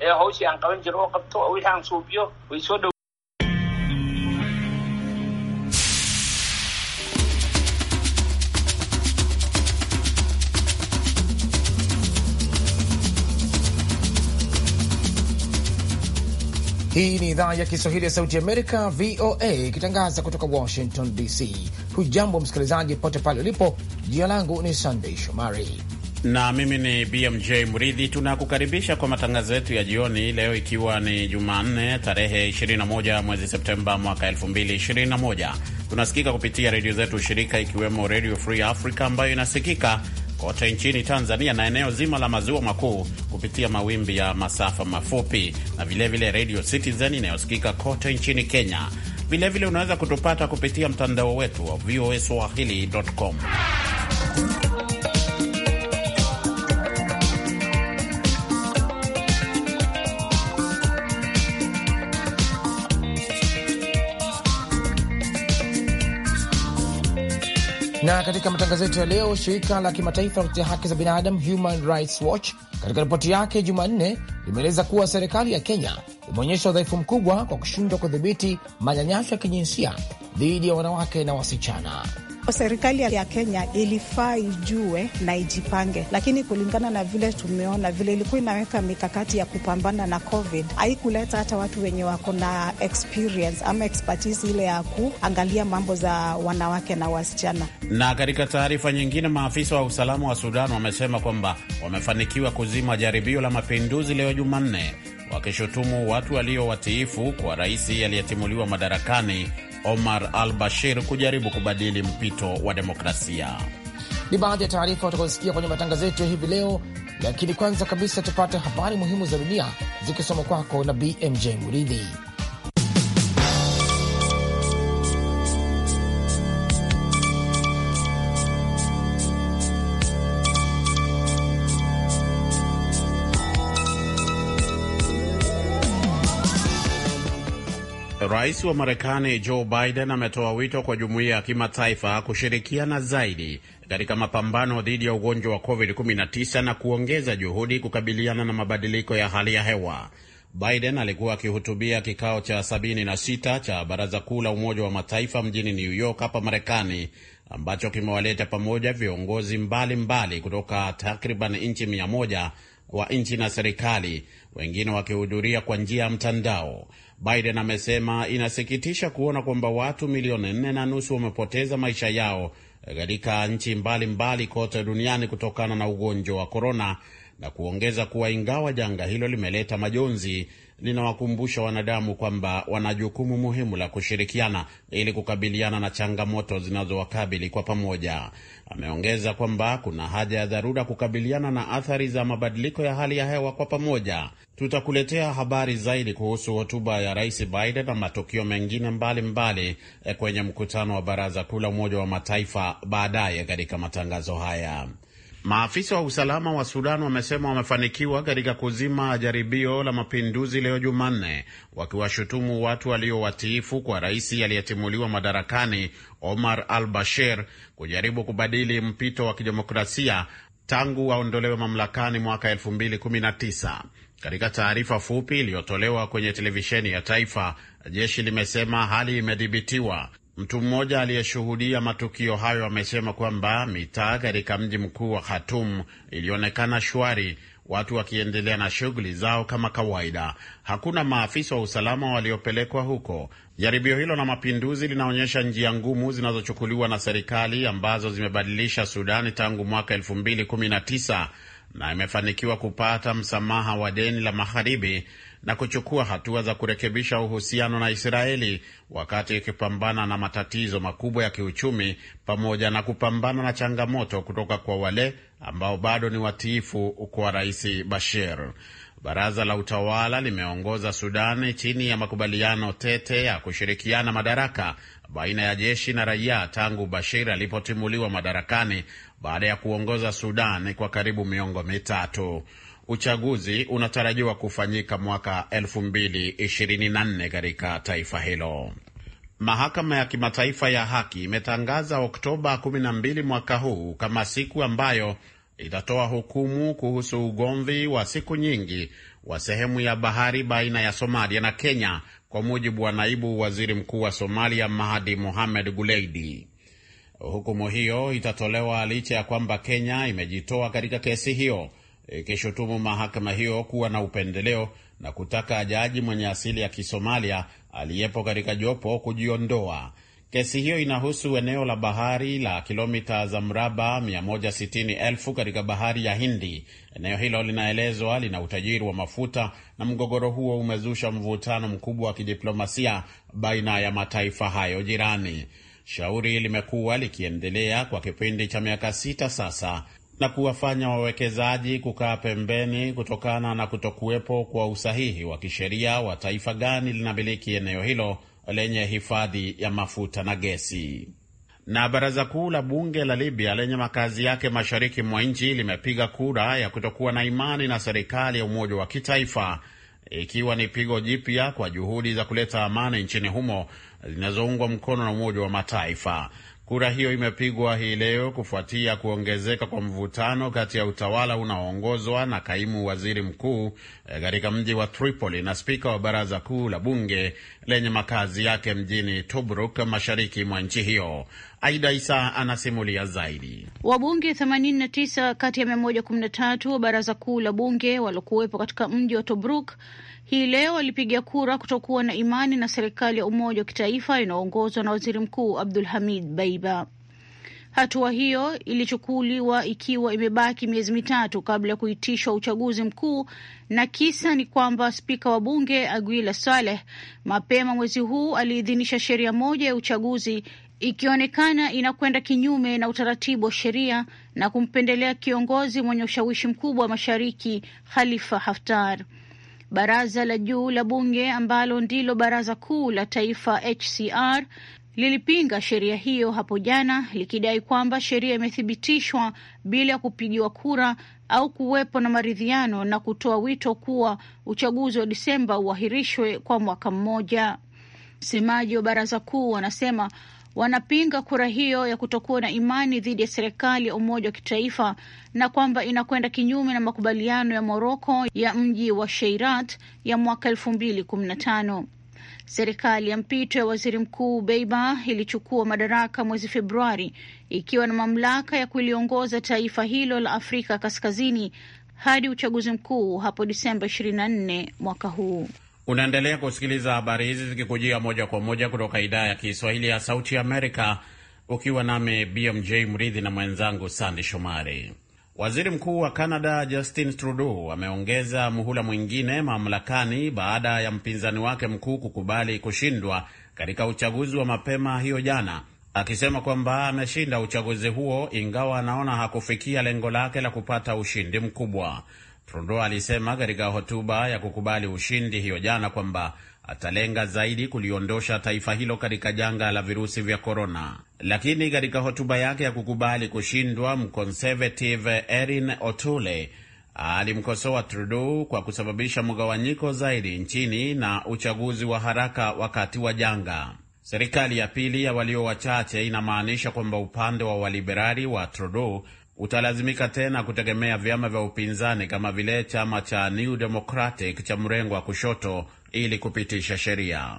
ee eh, hawshii aan qaban jiray oo qabto oo wixii aan suubiyo way soo dhow Hii ni idhaa ya Kiswahili ya Sauti Amerika, VOA, ikitangaza kutoka Washington DC. Hujambo msikilizaji pote pale ulipo. Jina langu ni Sandei Shomari na mimi ni BMJ Mridhi. Tunakukaribisha kwa matangazo yetu ya jioni leo, ikiwa ni Jumanne tarehe 21 mwezi Septemba mwaka 2021. Tunasikika kupitia redio zetu shirika, ikiwemo Redio Free Africa ambayo inasikika kote nchini Tanzania na eneo zima la maziwa makuu kupitia mawimbi ya masafa mafupi na vilevile Redio Citizen inayosikika kote nchini Kenya. Vilevile unaweza kutupata kupitia mtandao wetu wa voa swahili.com. Na katika matangazo yetu ya leo, shirika la kimataifa la kutetea haki za binadamu Human Rights Watch katika ripoti yake Jumanne limeeleza kuwa serikali ya Kenya imeonyesha udhaifu mkubwa kwa kushindwa kudhibiti manyanyaso ya kijinsia dhidi ya wanawake na wasichana. Serikali ya Kenya ilifaa ijue na ijipange, lakini kulingana na vile tumeona vile ilikuwa inaweka mikakati ya kupambana na COVID haikuleta hata watu wenye wako na experience ama expertise ile ya kuangalia mambo za wanawake na wasichana. Na katika taarifa nyingine, maafisa wa usalama wa Sudan wamesema kwamba wamefanikiwa kuzima jaribio la mapinduzi leo Jumanne, wakishutumu watu walio watiifu kwa rais aliyetimuliwa madarakani Omar al Bashir kujaribu kubadili mpito wa demokrasia. Ni baadhi ya taarifa watakaosikia kwenye matangazo yetu ya hivi leo, lakini kwanza kabisa tupate habari muhimu za dunia zikisoma kwako na BMJ Muridhi. Rais wa Marekani Joe Biden ametoa wito kwa jumuiya ya kimataifa kushirikiana zaidi katika mapambano dhidi ya ugonjwa wa COVID-19 na kuongeza juhudi kukabiliana na mabadiliko ya hali ya hewa. Biden alikuwa akihutubia kikao cha 76 cha Baraza Kuu la Umoja wa Mataifa mjini New York hapa Marekani, ambacho kimewaleta pamoja viongozi mbalimbali kutoka takriban nchi 1 wa nchi na serikali, wengine wakihudhuria kwa njia ya mtandao. Biden amesema inasikitisha kuona kwamba watu milioni nne na nusu wamepoteza maisha yao katika nchi mbalimbali kote duniani kutokana na ugonjwa wa korona, na kuongeza kuwa ingawa janga hilo limeleta majonzi linawakumbusha wanadamu kwamba wana jukumu muhimu la kushirikiana ili kukabiliana na changamoto zinazowakabili kwa pamoja. Ameongeza kwamba kuna haja ya dharura kukabiliana na athari za mabadiliko ya hali ya hewa kwa pamoja. Tutakuletea habari zaidi kuhusu hotuba ya Rais Biden na matukio mengine mbalimbali mbali eh, kwenye mkutano wa Baraza Kuu la Umoja wa Mataifa baadaye katika matangazo haya. Maafisa wa usalama wa Sudan wamesema wamefanikiwa katika kuzima jaribio la mapinduzi leo Jumanne, wakiwashutumu watu watiifu kwa rais aliyetimuliwa madarakani Omar al Bashir kujaribu kubadili mpito wa kidemokrasia tangu waondolewe mamlakani mwaka 2019. Katika taarifa fupi iliyotolewa kwenye televisheni ya taifa, jeshi limesema hali imedhibitiwa Mtu mmoja aliyeshuhudia matukio hayo amesema kwamba mitaa katika mji mkuu wa Khartoum ilionekana shwari, watu wakiendelea na shughuli zao kama kawaida. Hakuna maafisa wa usalama waliopelekwa huko. Jaribio hilo la mapinduzi linaonyesha njia ngumu zinazochukuliwa na serikali ambazo zimebadilisha Sudani tangu mwaka 2019 na imefanikiwa kupata msamaha wa deni la magharibi na kuchukua hatua za kurekebisha uhusiano na Israeli wakati ikipambana na matatizo makubwa ya kiuchumi pamoja na kupambana na changamoto kutoka kwa wale ambao bado ni watiifu kwa Rais Bashir. Baraza la utawala limeongoza Sudani chini ya makubaliano tete ya kushirikiana madaraka baina ya jeshi na raia tangu Bashir alipotimuliwa madarakani baada ya kuongoza Sudan kwa karibu miongo mitatu uchaguzi unatarajiwa kufanyika mwaka 2024 katika taifa hilo. Mahakama ya Kimataifa ya Haki imetangaza Oktoba 12 mwaka huu kama siku ambayo itatoa hukumu kuhusu ugomvi wa siku nyingi wa sehemu ya bahari baina ya Somalia na Kenya, kwa mujibu wa naibu waziri mkuu wa Somalia Mahadi Mohamed Guleidi. Hukumu hiyo itatolewa licha ya kwamba Kenya imejitoa katika kesi hiyo ikishutumu e, mahakama hiyo kuwa na upendeleo na kutaka jaji mwenye asili ya Kisomalia aliyepo katika jopo kujiondoa. Kesi hiyo inahusu eneo la bahari la kilomita za mraba 160,000 katika bahari ya Hindi. Eneo hilo linaelezwa lina utajiri wa mafuta na mgogoro huo umezusha mvutano mkubwa wa kidiplomasia baina ya mataifa hayo jirani. Shauri limekuwa likiendelea kwa kipindi cha miaka sita sasa na kuwafanya wawekezaji kukaa pembeni kutokana na kutokuwepo kwa usahihi wa kisheria wa taifa gani linamiliki eneo hilo lenye hifadhi ya mafuta na gesi. Na baraza kuu la bunge la Libya lenye makazi yake mashariki mwa nchi limepiga kura ya kutokuwa na imani na serikali ya umoja wa kitaifa, ikiwa ni pigo jipya kwa juhudi za kuleta amani nchini humo zinazoungwa mkono na Umoja wa Mataifa. Kura hiyo imepigwa hii leo kufuatia kuongezeka kwa mvutano kati ya utawala unaoongozwa na kaimu waziri mkuu eh, katika mji wa Tripoli na spika wa baraza kuu la bunge lenye makazi yake mjini Tobruk, mashariki mwa nchi hiyo. Aida Isa anasimulia zaidi. Wabunge 89 kati ya 113 wa baraza kuu la bunge waliokuwepo katika mji wa Tobruk hii leo walipiga kura kutokuwa na imani na serikali ya umoja wa kitaifa inayoongozwa na waziri mkuu Abdul Hamid Baiba. Hatua hiyo ilichukuliwa ikiwa imebaki miezi mitatu kabla ya kuitishwa uchaguzi mkuu, na kisa ni kwamba spika wa bunge Aguila Saleh mapema mwezi huu aliidhinisha sheria moja ya uchaguzi ikionekana inakwenda kinyume na utaratibu wa sheria na kumpendelea kiongozi mwenye ushawishi mkubwa wa mashariki Khalifa Haftar. Baraza la juu la bunge ambalo ndilo baraza kuu la taifa HCR lilipinga sheria hiyo hapo jana likidai kwamba sheria imethibitishwa bila ya kupigiwa kura au kuwepo na maridhiano na kutoa wito kuwa uchaguzi wa Disemba uahirishwe kwa mwaka mmoja. Msemaji wa baraza kuu anasema wanapinga kura hiyo ya kutokuwa na imani dhidi ya serikali ya umoja wa kitaifa na kwamba inakwenda kinyume na makubaliano ya Moroko ya mji wa Sheirat ya mwaka elfu mbili kumi na tano. Serikali ya mpito ya waziri mkuu Beiba ilichukua madaraka mwezi Februari ikiwa na mamlaka ya kuliongoza taifa hilo la Afrika Kaskazini hadi uchaguzi mkuu hapo Disemba 24 mwaka huu. Unaendelea kusikiliza habari hizi zikikujia moja kwa moja kutoka idhaa ya Kiswahili ya Sauti Amerika, ukiwa nami BMJ Mridhi na mwenzangu Sandi Shomari. Waziri Mkuu wa Canada Justin Trudeau ameongeza muhula mwingine mamlakani baada ya mpinzani wake mkuu kukubali kushindwa katika uchaguzi wa mapema hiyo jana, akisema kwamba ameshinda uchaguzi huo, ingawa anaona hakufikia lengo lake la kupata ushindi mkubwa. Trudeau alisema katika hotuba ya kukubali ushindi hiyo jana kwamba atalenga zaidi kuliondosha taifa hilo katika janga la virusi vya korona. Lakini katika hotuba yake ya kukubali kushindwa, mconservative Erin O'Toole alimkosoa Trudeau kwa kusababisha mgawanyiko zaidi nchini na uchaguzi wa haraka wakati wa janga. Serikali ya pili ya walio wachache inamaanisha kwamba upande wa waliberali wa Trudeau utalazimika tena kutegemea vyama vya upinzani kama vile chama cha New Democratic cha mrengo wa kushoto ili kupitisha sheria.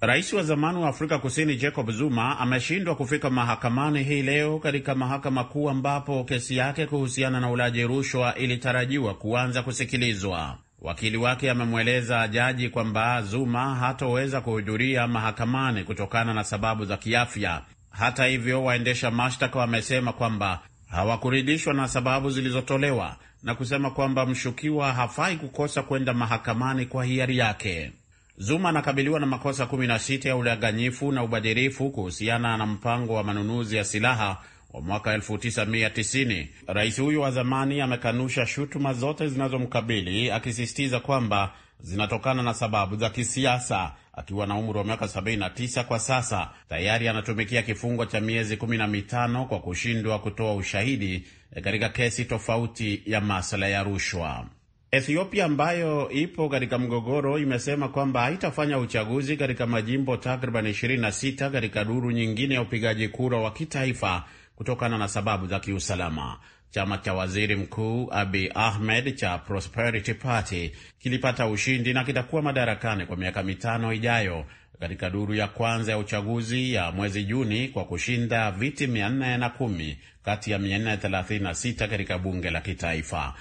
Rais wa zamani wa Afrika Kusini Jacob Zuma ameshindwa kufika mahakamani hii leo katika mahakama kuu ambapo kesi yake kuhusiana na ulaji rushwa ilitarajiwa kuanza kusikilizwa. Wakili wake amemweleza jaji kwamba Zuma hatoweza kuhudhuria mahakamani kutokana na sababu za kiafya. Hata hivyo, waendesha mashtaka wamesema kwamba hawakuridhishwa na sababu zilizotolewa na kusema kwamba mshukiwa hafai kukosa kwenda mahakamani kwa hiari yake. Zuma anakabiliwa na makosa 16 ya udanganyifu na ubadhirifu kuhusiana na mpango wa manunuzi ya silaha wa mwaka 1990. Rais huyu wa zamani amekanusha shutuma zote zinazomkabili akisisitiza kwamba zinatokana na sababu za kisiasa. Akiwa na umri wa miaka 79 kwa sasa, tayari anatumikia kifungo cha miezi 15 kwa kushindwa kutoa ushahidi katika kesi tofauti ya masuala ya rushwa. Ethiopia ambayo ipo katika mgogoro imesema kwamba haitafanya uchaguzi katika majimbo takriban 26 katika duru nyingine ya upigaji kura wa kitaifa kutokana na sababu za kiusalama. Chama cha waziri mkuu Abi Ahmed cha Prosperity Party kilipata ushindi na kitakuwa madarakani kwa miaka mitano ijayo katika duru ya kwanza ya uchaguzi ya mwezi Juni kwa kushinda viti 410 kati ya 436 katika bunge la kitaifa.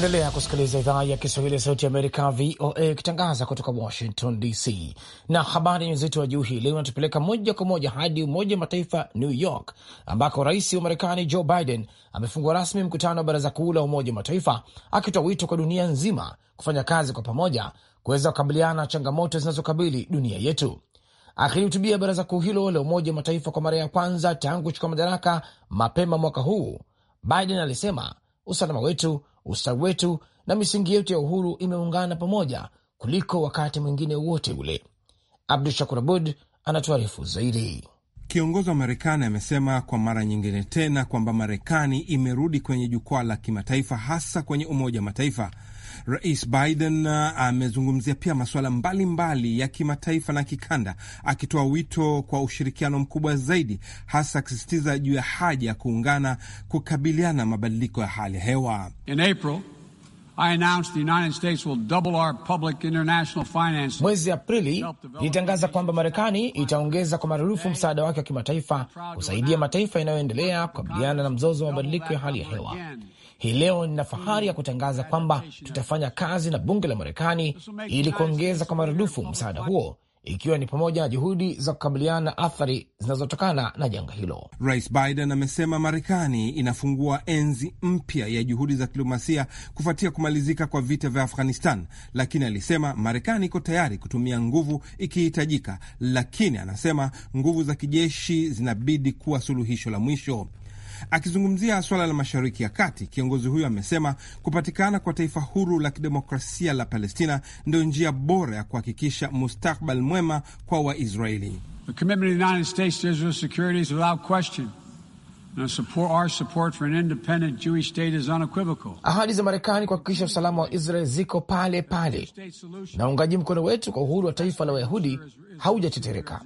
Unaendelea kusikiliza idhaa ya Kiswahili ya Sauti ya Amerika, VOA, ikitangaza kutoka Washington DC. Na habari yenye uzito wa juu hii leo inatupeleka moja kwa moja hadi Umoja wa Mataifa, New York, ambako rais wa Marekani Joe Biden amefungua rasmi mkutano wa Baraza Kuu la Umoja wa Mataifa, akitoa wito kwa dunia nzima kufanya kazi kwa pamoja kuweza kukabiliana na changamoto zinazokabili dunia yetu. Akilihutubia baraza kuu hilo la Umoja wa Mataifa kwa mara ya kwanza tangu kuchukua madaraka mapema mwaka huu, Biden alisema usalama wetu ustawi wetu na misingi yetu ya uhuru imeungana pamoja kuliko wakati mwingine wote ule. Abdu Shakur Abud anatuarifu zaidi. Kiongozi wa Marekani amesema kwa mara nyingine tena kwamba Marekani imerudi kwenye jukwaa la kimataifa, hasa kwenye Umoja wa Mataifa Rais Biden uh, amezungumzia pia masuala mbalimbali ya kimataifa na kikanda, akitoa wito kwa ushirikiano mkubwa zaidi, hasa akisisitiza juu ya haja ya kuungana kukabiliana na mabadiliko ya hali ya hewa. Mwezi Aprili ilitangaza kwamba Marekani itaongeza kwa marudufu msaada wake wa kimataifa kusaidia mataifa yanayoendelea kukabiliana na mzozo wa mabadiliko ya hali ya hewa. Hii leo nina fahari ya kutangaza kwamba tutafanya kazi na bunge la Marekani ili kuongeza kwa maradufu msaada huo ikiwa ni pamoja na juhudi za kukabiliana na athari zinazotokana na janga hilo. Rais Biden amesema Marekani inafungua enzi mpya ya juhudi za kidiplomasia kufuatia kumalizika kwa vita vya Afghanistan, lakini alisema Marekani iko tayari kutumia nguvu ikihitajika, lakini anasema nguvu za kijeshi zinabidi kuwa suluhisho la mwisho. Akizungumzia suala la Mashariki ya Kati, kiongozi huyo amesema kupatikana kwa taifa huru la kidemokrasia la Palestina ndio njia bora ya kuhakikisha mustakbal mwema kwa Waisraeli. Ahadi za Marekani kuhakikisha usalama wa Israel ziko pale pale, na uungaji mkono wetu kwa uhuru wa taifa la Wayahudi haujatetereka,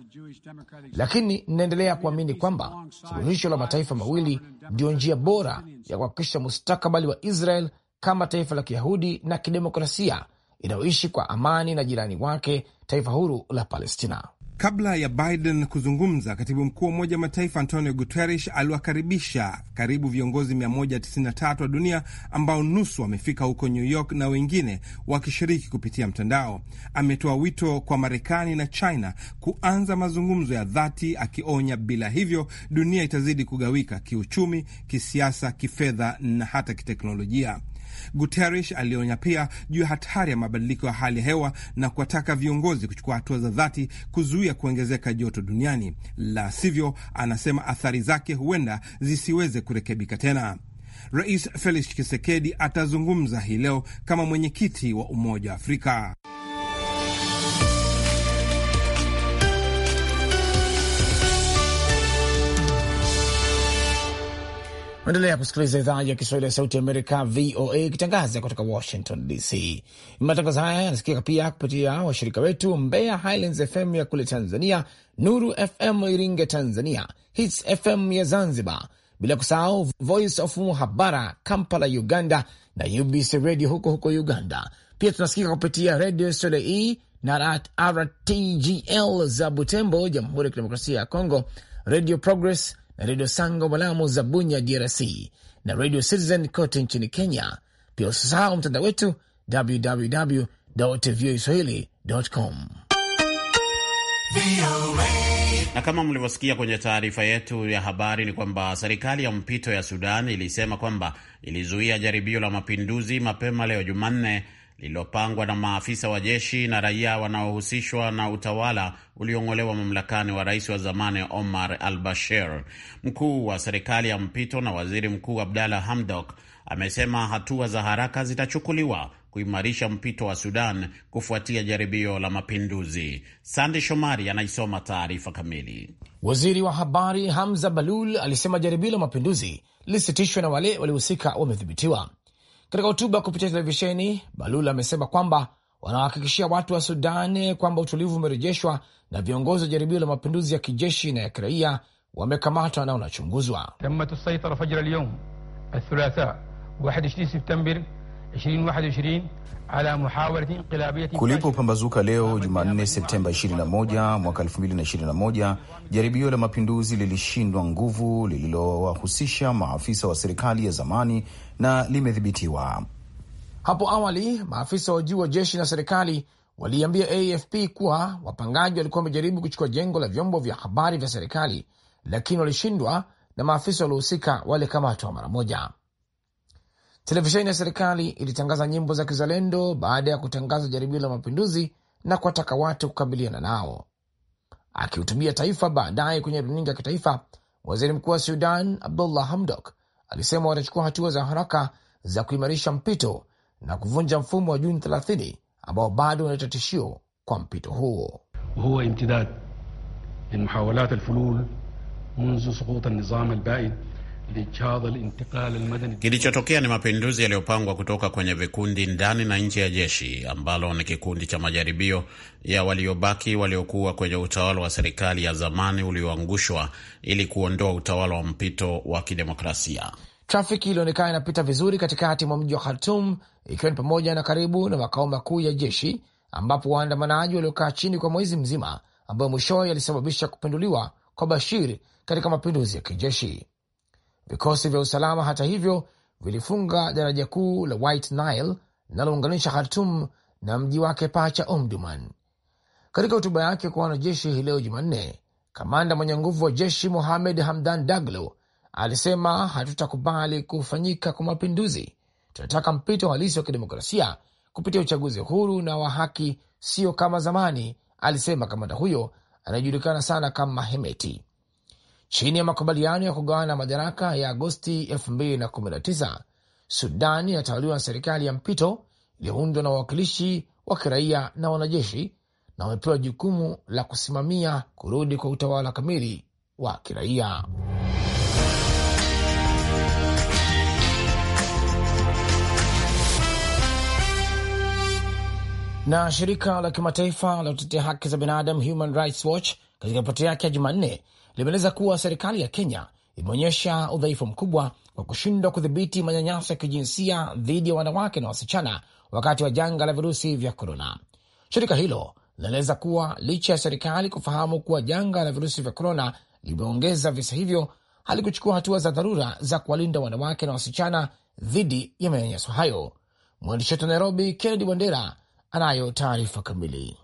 lakini ninaendelea kuamini kwamba suluhisho la mataifa mawili ndiyo njia bora ya kuhakikisha mustakabali wa Israel kama taifa la Kiyahudi na kidemokrasia inayoishi kwa amani na jirani wake, taifa huru la Palestina. Kabla ya Biden kuzungumza, katibu mkuu wa Umoja wa Mataifa Antonio Guterres aliwakaribisha karibu viongozi 193 wa dunia ambao nusu wamefika huko New York na wengine wakishiriki kupitia mtandao. Ametoa wito kwa Marekani na China kuanza mazungumzo ya dhati, akionya bila hivyo dunia itazidi kugawika kiuchumi, kisiasa, kifedha na hata kiteknolojia. Guterres alionya pia juu ya hatari ya mabadiliko ya hali ya hewa na kuwataka viongozi kuchukua hatua za dhati kuzuia kuongezeka joto duniani, la sivyo, anasema athari zake huenda zisiweze kurekebika tena. Rais Felix Tshisekedi atazungumza hii leo kama mwenyekiti wa Umoja wa Afrika. Endelea kusikiliza idhaa ya Kiswahili ya Sauti Amerika, VOA, ikitangaza kutoka Washington DC. Matangazo haya yanasikika pia kupitia washirika wetu Mbeya Highlands FM ya kule Tanzania, Nuru FM iringe Tanzania, Hits FM ya Zanzibar, bila kusahau Voice of Muhabara Kampala Uganda na UBC Radio huko huko Uganda. Pia tunasikika kupitia Radio Soleil e na RTGL za Butembo, Jamhuri ya Kidemokrasia ya Kongo, Radio Progress na redio Sango Malamu za Bunya, DRC, na redio Citizen kote nchini Kenya. Pia usisahau mtandao wetu www voa swahili com. Na kama mlivyosikia kwenye taarifa yetu ya habari ni kwamba serikali ya mpito ya Sudan ilisema kwamba ilizuia jaribio la mapinduzi mapema leo Jumanne lililopangwa na maafisa wa jeshi na raia wanaohusishwa na utawala uliong'olewa mamlakani wa rais wa zamani Omar al-Bashir. Mkuu wa serikali ya mpito na waziri mkuu Abdalla Hamdok amesema hatua za haraka zitachukuliwa kuimarisha mpito wa Sudan kufuatia jaribio la mapinduzi. Sande Shomari anaisoma taarifa kamili. Waziri wa habari Hamza Balul alisema jaribio la mapinduzi lilisitishwa na wale waliohusika wamedhibitiwa. Katika hotuba kupitia televisheni, Balula amesema kwamba wanawahakikishia watu wa Sudan kwamba utulivu umerejeshwa na viongozi wa jaribio la mapinduzi ya kijeshi na ya kiraia wamekamatwa na wanachunguzwa kulipo pambazuka kulipopambazuka leo Jumanne Septemba 21 mwaka 2021, jaribio la mapinduzi lilishindwa nguvu lililowahusisha maafisa wa serikali ya zamani na limedhibitiwa. Hapo awali maafisa wa juu wa jeshi na serikali waliambia AFP kuwa wapangaji walikuwa wamejaribu kuchukua jengo la vyombo vya habari vya serikali, lakini walishindwa na maafisa waliohusika walikamatwa mara moja. Televisheni ya serikali ilitangaza nyimbo za kizalendo baada ya kutangaza jaribio la mapinduzi na kuwataka watu kukabiliana nao. Akihutubia taifa baadaye kwenye runinga ya kitaifa, waziri mkuu wa Sudan Abdullah Hamdok alisema watachukua hatua za haraka za kuimarisha mpito na kuvunja mfumo wa Juni 30 ambao bado unaleta tishio kwa mpito huo. huwa imtidad min muhawalat alfulul munzu suqut alnizam albaid Kilichotokea ni mapinduzi yaliyopangwa kutoka kwenye vikundi ndani na nje ya jeshi ambalo ni kikundi cha majaribio ya waliobaki waliokuwa kwenye utawala wa serikali ya zamani ulioangushwa ili kuondoa utawala wa mpito wa kidemokrasia. Trafiki ilionekana inapita vizuri katikati mwa mji wa Khartum, ikiwa ni pamoja na karibu na makao makuu ya jeshi, ambapo waandamanaji waliokaa chini kwa mwezi mzima, ambayo mwishowe yalisababisha kupinduliwa kwa Bashir katika mapinduzi ya kijeshi. Vikosi vya usalama hata hivyo vilifunga daraja kuu la White Nile linalounganisha Khartum na mji wake pacha Omduman. Katika hotuba yake kwa wanajeshi hii leo Jumanne, kamanda mwenye nguvu wa jeshi Mohamed Hamdan Daglo alisema, hatutakubali kufanyika kwa mapinduzi. Tunataka mpito halisi wa kidemokrasia kupitia uchaguzi huru na wa haki, sio kama zamani, alisema kamanda huyo anayejulikana sana kama Hemeti. Chini ya makubaliano ya kugawana madaraka ya Agosti 2019, Sudan inatawaliwa na serikali ya mpito iliyoundwa na wawakilishi wa kiraia na wanajeshi na wamepewa jukumu la kusimamia kurudi kwa utawala kamili wa kiraia. Na shirika la kimataifa la kutetea haki za binadamu Human Rights Watch katika ripoti yake ya Jumanne limeeleza kuwa serikali ya Kenya imeonyesha udhaifu mkubwa kwa kushindwa kudhibiti manyanyaso ya kijinsia dhidi ya wanawake na wasichana wakati wa janga la virusi vya korona. Shirika hilo linaeleza kuwa licha ya serikali kufahamu kuwa janga la virusi vya korona limeongeza visa hivyo, halikuchukua hatua za dharura za kuwalinda wanawake na wasichana dhidi ya manyanyaso hayo. Mwandishi wetu wa Nairobi, Kennedy Wandera, anayo taarifa kamili.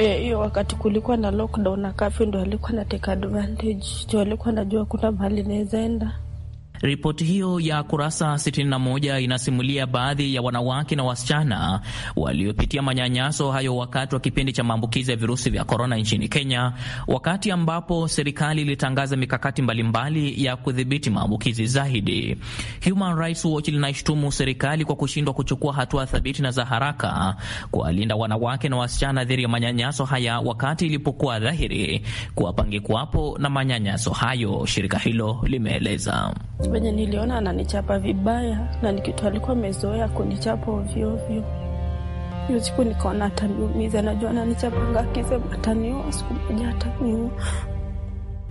Eh, hiyo e, wakati kulikuwa na lockdown na kafyu ndo alikuwa na take advantage, jo alikuwa najua kuna mahali naweza enda Ripoti hiyo ya kurasa 61 inasimulia baadhi ya wanawake na wasichana waliopitia manyanyaso hayo wakati wa kipindi cha maambukizi ya virusi vya korona nchini Kenya, wakati ambapo serikali ilitangaza mikakati mbalimbali ya kudhibiti maambukizi zaidi. Human Rights Watch linaishutumu serikali kwa kushindwa kuchukua hatua thabiti na za haraka kuwalinda wanawake na wasichana dhidi ya manyanyaso haya, wakati ilipokuwa dhahiri kuwapangikwapo na manyanyaso hayo, shirika hilo limeeleza venye niliona ananichapa vibaya, na nikitu alikuwa amezoea kunichapa ovyoovyo. Hiyo siku nikaona ataniumiza, najua ananichapanga akisema ataniua siku moja ataniua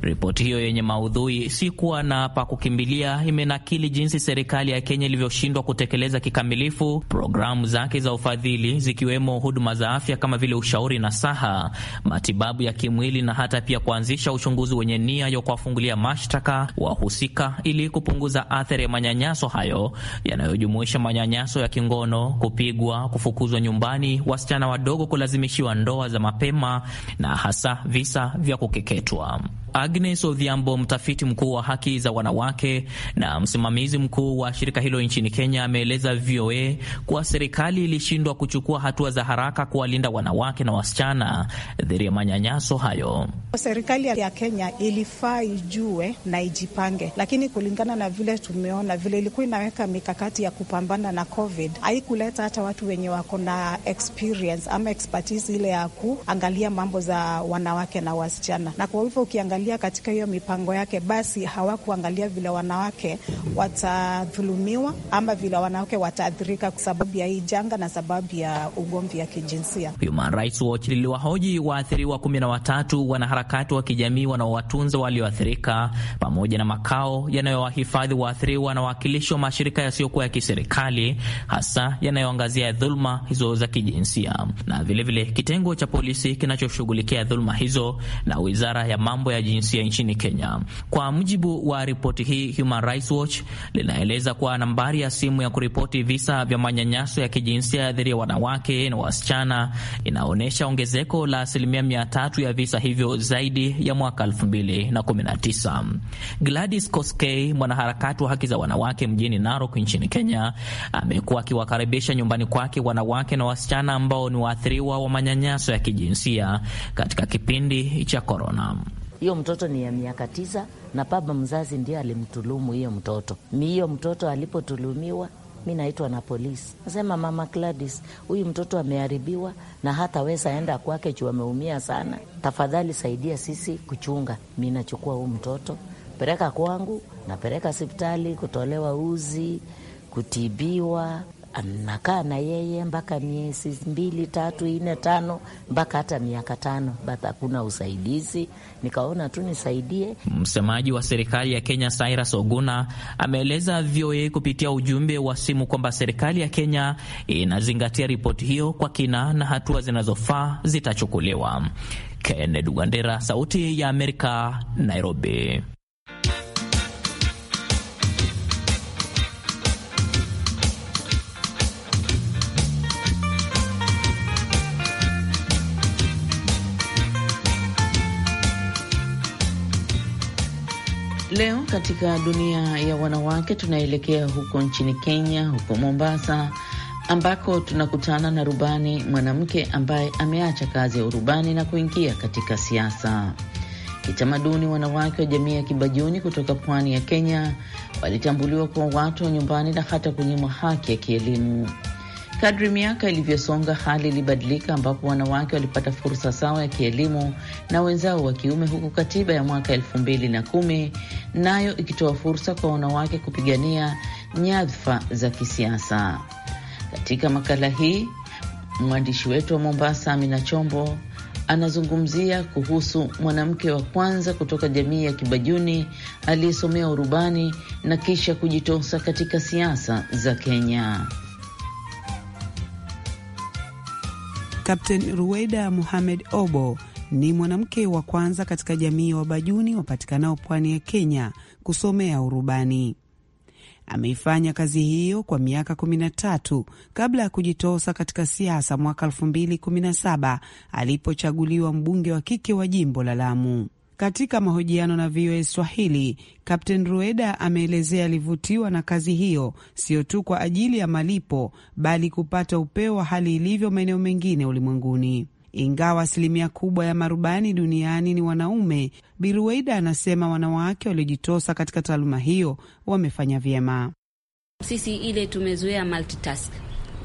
Ripoti hiyo yenye maudhui si kuwa na pa kukimbilia imenakili jinsi serikali ya Kenya ilivyoshindwa kutekeleza kikamilifu programu zake za ufadhili, zikiwemo huduma za afya kama vile ushauri na saha, matibabu ya kimwili na hata pia kuanzisha uchunguzi wenye nia ya kuwafungulia mashtaka wahusika ili kupunguza athari ya manyanyaso hayo yanayojumuisha manyanyaso ya kingono, kupigwa, kufukuzwa nyumbani, wasichana wadogo kulazimishiwa ndoa za mapema na hasa visa vya kukeketwa. Agnes Odhiambo, mtafiti mkuu wa haki za wanawake na msimamizi mkuu wa shirika hilo nchini Kenya, ameeleza VOA kuwa serikali ilishindwa kuchukua hatua za haraka kuwalinda wanawake na wasichana dhidi ya manyanyaso hayo. Serikali ya Kenya ilifaa ijue na ijipange, lakini kulingana na vile tumeona vile ilikuwa inaweka mikakati ya kupambana na COVID haikuleta hata watu wenye wako na experience ama expertise ile ya kuangalia mambo za wanawake na wasichana, na kwa hivyo ukiangalia kuingilia katika hiyo mipango yake, basi hawakuangalia vile wanawake watadhulumiwa ama vile wanawake wataathirika kwa sababu ya hii janga na sababu ya ugomvi ya kijinsia. Human Rights Watch liliwahoji waathiriwa kumi na watatu wanaharakati wa kijamii wanaowatunza walioathirika pamoja na makao yanayowahifadhi waathiriwa na wawakilishi wa mashirika yasiyokuwa ya kiserikali hasa yanayoangazia dhuluma hizo za kijinsia na vilevile vile, kitengo cha polisi kinachoshughulikia dhuluma hizo na wizara ya mambo ya jinsia nchini Kenya. Kwa mujibu wa ripoti hii, Human Rights Watch linaeleza kuwa nambari ya simu ya kuripoti visa vya manyanyaso ya kijinsia dhidi ya wanawake na wasichana inaonyesha ongezeko la asilimia mia tatu ya visa hivyo zaidi ya mwaka tisa. Gladys Koskei, mwanaharakati wa haki za wanawake mjini Narok nchini Kenya, amekuwa akiwakaribisha nyumbani kwake wanawake na wasichana ambao ni waathiriwa wa manyanyaso ya kijinsia katika kipindi cha korona. Hiyo mtoto ni ya miaka tisa na baba mzazi ndio alimtulumu hiyo mtoto. Hiyo mtoto alipotulumiwa mi naitwa na polisi, nasema mama Gladys, huyu mtoto ameharibiwa na hata weza enda kwake juu ameumia sana, tafadhali saidia sisi kuchunga. Mi nachukua huu mtoto peleka kwangu, napeleka sipitali kutolewa uzi, kutibiwa nakaa na yeye mpaka miezi mbili tatu nne tano mpaka hata miaka tano, but hakuna usaidizi, nikaona tu nisaidie. Msemaji wa serikali ya Kenya Cyrus Oguna ameeleza VOA kupitia ujumbe wa simu kwamba serikali ya Kenya inazingatia ripoti hiyo kwa kina na hatua zinazofaa zitachukuliwa. Kennedy Wandera, Sauti ya Amerika, Nairobi. Leo katika dunia ya wanawake tunaelekea huko nchini Kenya, huko Mombasa, ambako tunakutana na rubani mwanamke ambaye ameacha kazi ya urubani na kuingia katika siasa. Kitamaduni, wanawake wa jamii ya Kibajuni kutoka pwani ya Kenya walitambuliwa kwa watu wa nyumbani na hata kunyimwa haki ya kielimu. Kadri miaka ilivyosonga, hali ilibadilika, ambapo wanawake walipata fursa sawa ya kielimu na wenzao wa kiume, huku katiba ya mwaka elfu mbili na kumi nayo ikitoa fursa kwa wanawake kupigania nyadhifa za kisiasa. Katika makala hii mwandishi wetu wa Mombasa, Amina Chombo, anazungumzia kuhusu mwanamke wa kwanza kutoka jamii ya Kibajuni aliyesomea urubani na kisha kujitosa katika siasa za Kenya. Kapteni rueda muhamed Obo ni mwanamke wa kwanza katika jamii ya wa wabajuni wapatikanao pwani ya Kenya kusomea urubani. Ameifanya kazi hiyo kwa miaka 13 kabla ya kujitosa katika siasa mwaka 2017 alipochaguliwa mbunge wa kike wa jimbo la Lamu. Katika mahojiano na VOA Swahili, Kapten Rueda ameelezea alivutiwa na kazi hiyo sio tu kwa ajili ya malipo, bali kupata upeo wa hali ilivyo maeneo mengine ulimwenguni. Ingawa asilimia kubwa ya marubani duniani ni wanaume, Birueida anasema wanawake waliojitosa katika taaluma hiyo wamefanya vyema. Sisi ile tumezoea multitask,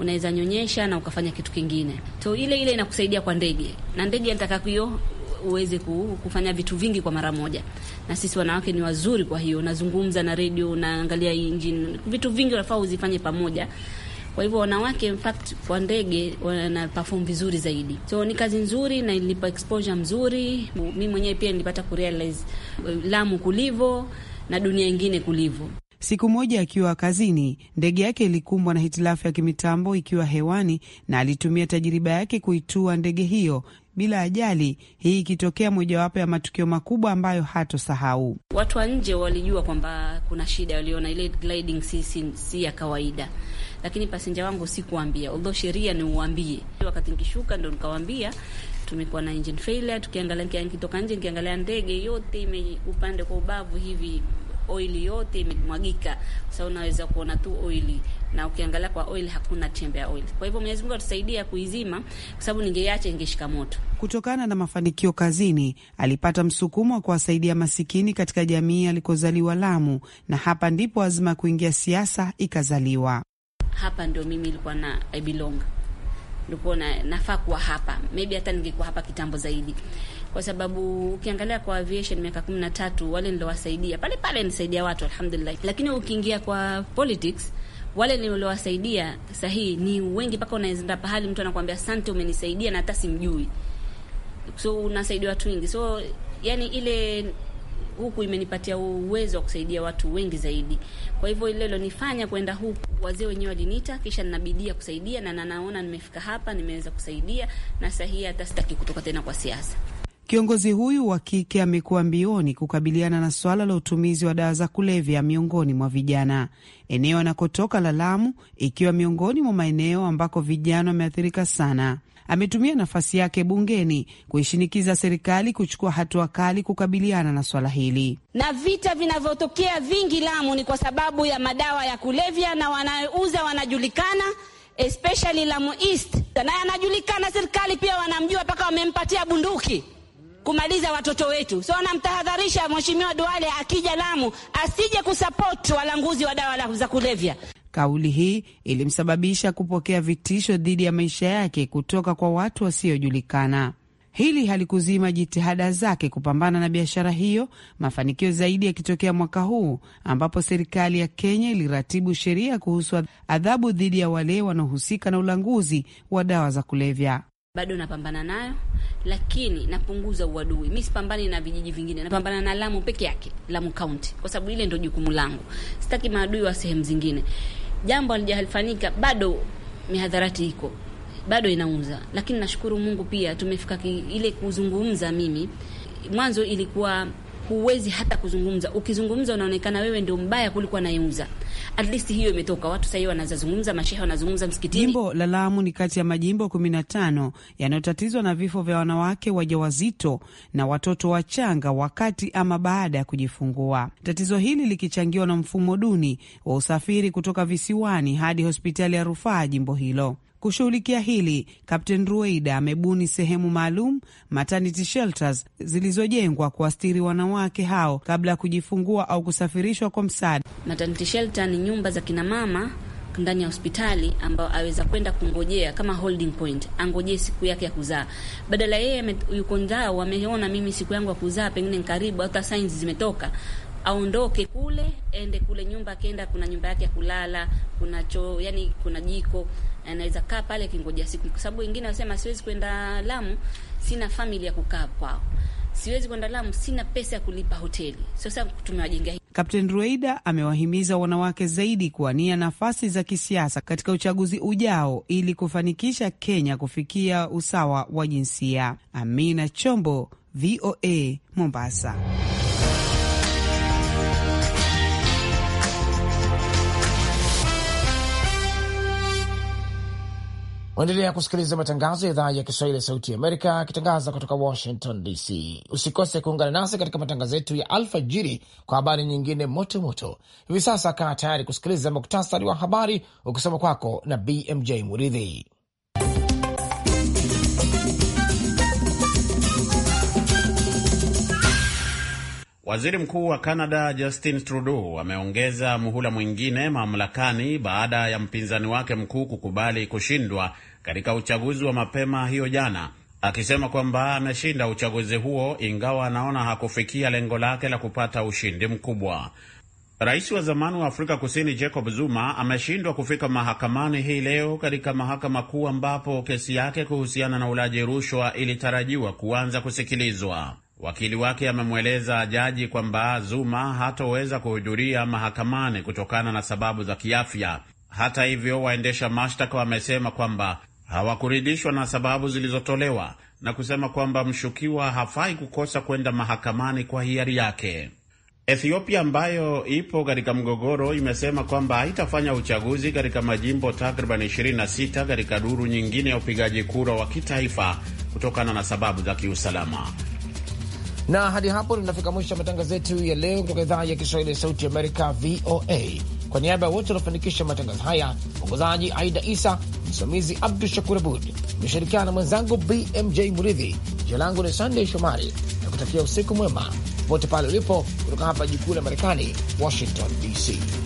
unaweza nyonyesha na ukafanya kitu kingine to ile ile inakusaidia kwa ndege, na ndege anataka hiyo uweze kufanya vitu vingi kwa mara moja, na sisi wanawake ni wazuri. Kwa hiyo unazungumza na redio, unaangalia engine, vitu vingi unafaa uzifanye pamoja. Kwa hivyo wanawake, in fact, kwa ndege wana perform vizuri zaidi. So ni kazi nzuri na ilipa exposure mzuri. Mi mwenyewe pia nilipata kurealize eh, Lamu kulivo na dunia ingine kulivo. Siku moja akiwa kazini, ndege yake ilikumbwa na hitilafu ya kimitambo ikiwa hewani, na alitumia tajiriba yake kuitua ndege hiyo bila ajali, hii ikitokea mojawapo ya matukio makubwa ambayo hatosahau. Watu wa nje walijua kwamba kuna shida, waliona ile gliding si, si, si ya kawaida, lakini pasenja wangu sikuambia, although sheria ni uambie. Wakati nikishuka ndo nikawambia tumekuwa na engine failure. Tukiangalia nikitoka nje, nikiangalia ndege yote ime upande kwa ubavu hivi oili yote imemwagika. Sasa unaweza kuona tu oili, na ukiangalia kwa oil hakuna chembe ya oil. Kwa hivyo Mwenyezi Mungu atusaidia kuizima, kwa sababu ningeiacha ingeshika moto. Kutokana na mafanikio kazini, alipata msukumo wa kuwasaidia masikini katika jamii alikozaliwa Lamu, na hapa ndipo azma ya kuingia siasa ikazaliwa. Hapa ndio mimi ilikuwa na I belong, nilikuwa na nafaa kuwa hapa, maybe hata ningekuwa hapa kitambo zaidi kwa sababu ukiangalia kwa aviation miaka kumi na tatu wale niliowasaidia pale pale nisaidia watu alhamdulillah, lakini ukiingia kwa politics wale niliowasaidia sahihi ni wengi, mpaka unaenda pahali mtu anakuambia asante, umenisaidia na hata simjui. So unasaidia watu wengi, so yani ile huku imenipatia uwezo wa kusaidia watu wengi zaidi. Kwa hivyo ile ilonifanya kwenda huku, wazee wenyewe waliniita, kisha ninabidia kusaidia na nanaona nimefika hapa, nimeweza kusaidia na sahihi, hata sitaki kutoka tena kwa siasa. Kiongozi huyu wa kike amekuwa mbioni kukabiliana na swala la utumizi wa dawa za kulevya miongoni mwa vijana. Eneo anakotoka la Lamu ikiwa miongoni mwa maeneo ambako vijana wameathirika sana. Ametumia nafasi yake bungeni kuishinikiza serikali kuchukua hatua kali kukabiliana na swala hili. Na vita vinavyotokea vingi Lamu ni kwa sababu ya madawa ya kulevya, na wanayouza wanajulikana especially Lamu East, naye anajulikana, serikali pia wanamjua, mpaka wamempatia bunduki kumaliza watoto wetu. So anamtahadharisha Mheshimiwa Duale akija Lamu asije kusapoti walanguzi wa dawa za kulevya. Kauli hii ilimsababisha kupokea vitisho dhidi ya maisha yake kutoka kwa watu wasiojulikana. Hili halikuzima jitihada zake kupambana na biashara hiyo, mafanikio zaidi yakitokea mwaka huu ambapo serikali ya Kenya iliratibu sheria kuhusu adhabu dhidi ya wale wanaohusika na ulanguzi wa dawa za kulevya bado napambana nayo, lakini napunguza uadui. Mi sipambani na vijiji vingine, napambana na Lamu peke yake, Lamu County, kwa sababu ile ndio jukumu langu. Sitaki maadui wa sehemu zingine. Jambo halijafanyika bado, mihadharati iko bado inauza, lakini nashukuru Mungu pia tumefika ile kuzungumza. Mimi mwanzo ilikuwa huwezi hata kuzungumza. Ukizungumza unaonekana wewe ndio mbaya kuliko anayeuza. At least hiyo imetoka, watu sasa hivi wanazungumza, mashehe wanazungumza msikitini. Jimbo la Lamu ni kati ya majimbo 15 yanayotatizwa na vifo vya wanawake wajawazito na watoto wachanga wakati ama baada ya kujifungua. Tatizo hili likichangiwa na mfumo duni wa usafiri kutoka visiwani hadi hospitali ya rufaa jimbo hilo. Kushughulikia hili, Kapten Rueida amebuni sehemu maalum maternity shelters zilizojengwa kuwastiri wanawake hao kabla ya kujifungua au kusafirishwa kwa msaada. Maternity shelter ni nyumba za kinamama ndani ya hospitali ambayo aweza kwenda kungojea kama holding point, angojee siku yake ya kuzaa. Badala yeye yuko ndao, ameona mimi siku yangu ya kuzaa pengine nkaribu, hata signs zimetoka aondoke kule, ende kule nyumba, akienda kuna nyumba yake ya kulala, kuna choo, yani kuna jiko anaweza kaa pale kingoja siku, kwa sababu wengine wanasema siwezi kwenda Lamu, sina family ya kukaa kwao, siwezi kwenda Lamu, sina pesa ya kulipa hoteli. Sasa tumewajengea Kapteni Rueida amewahimiza wanawake zaidi kuwania nafasi za kisiasa katika uchaguzi ujao ili kufanikisha Kenya kufikia usawa wa jinsia. Amina Chombo, VOA, Mombasa. Waendelea kusikiliza matangazo ya idhaa ya Kiswahili ya Sauti ya Amerika akitangaza kutoka Washington DC. Usikose kuungana nasi katika matangazo yetu ya alfajiri kwa habari nyingine moto moto. Hivi sasa kaa tayari kusikiliza muktasari wa habari ukisoma kwako na BMJ Muridhi. Waziri Mkuu wa Canada Justin Trudeau ameongeza muhula mwingine mamlakani baada ya mpinzani wake mkuu kukubali kushindwa katika uchaguzi wa mapema hiyo jana, akisema kwamba ameshinda uchaguzi huo ingawa anaona hakufikia lengo lake la kupata ushindi mkubwa. Rais wa zamani wa Afrika Kusini Jacob Zuma ameshindwa kufika mahakamani hii leo katika mahakama kuu ambapo kesi yake kuhusiana na ulaji rushwa ilitarajiwa kuanza kusikilizwa. Wakili wake amemweleza jaji kwamba Zuma hatoweza kuhudhuria mahakamani kutokana na sababu za kiafya. Hata hivyo, waendesha mashtaka wamesema kwamba hawakuridhishwa na sababu zilizotolewa na kusema kwamba mshukiwa hafai kukosa kwenda mahakamani kwa hiari yake. Ethiopia ambayo ipo katika mgogoro imesema kwamba haitafanya uchaguzi katika majimbo takriban 26 katika duru nyingine ya upigaji kura wa kitaifa kutokana na sababu za kiusalama na hadi hapo tunafika mwisho wa matangazo yetu ya leo kutoka idhaa ya Kiswahili ya Sauti Amerika, VOA. Kwa niaba ya wote waliofanikisha matangazo haya, mwongozaji Aida Isa, msimamizi Abdu Shakur Abud, imeshirikiana na mwenzangu BMJ Muridhi. Jina langu ni Sandey Shomari na kutakia usiku mwema popote pale ulipo, kutoka hapa jikuu la Marekani, Washington DC.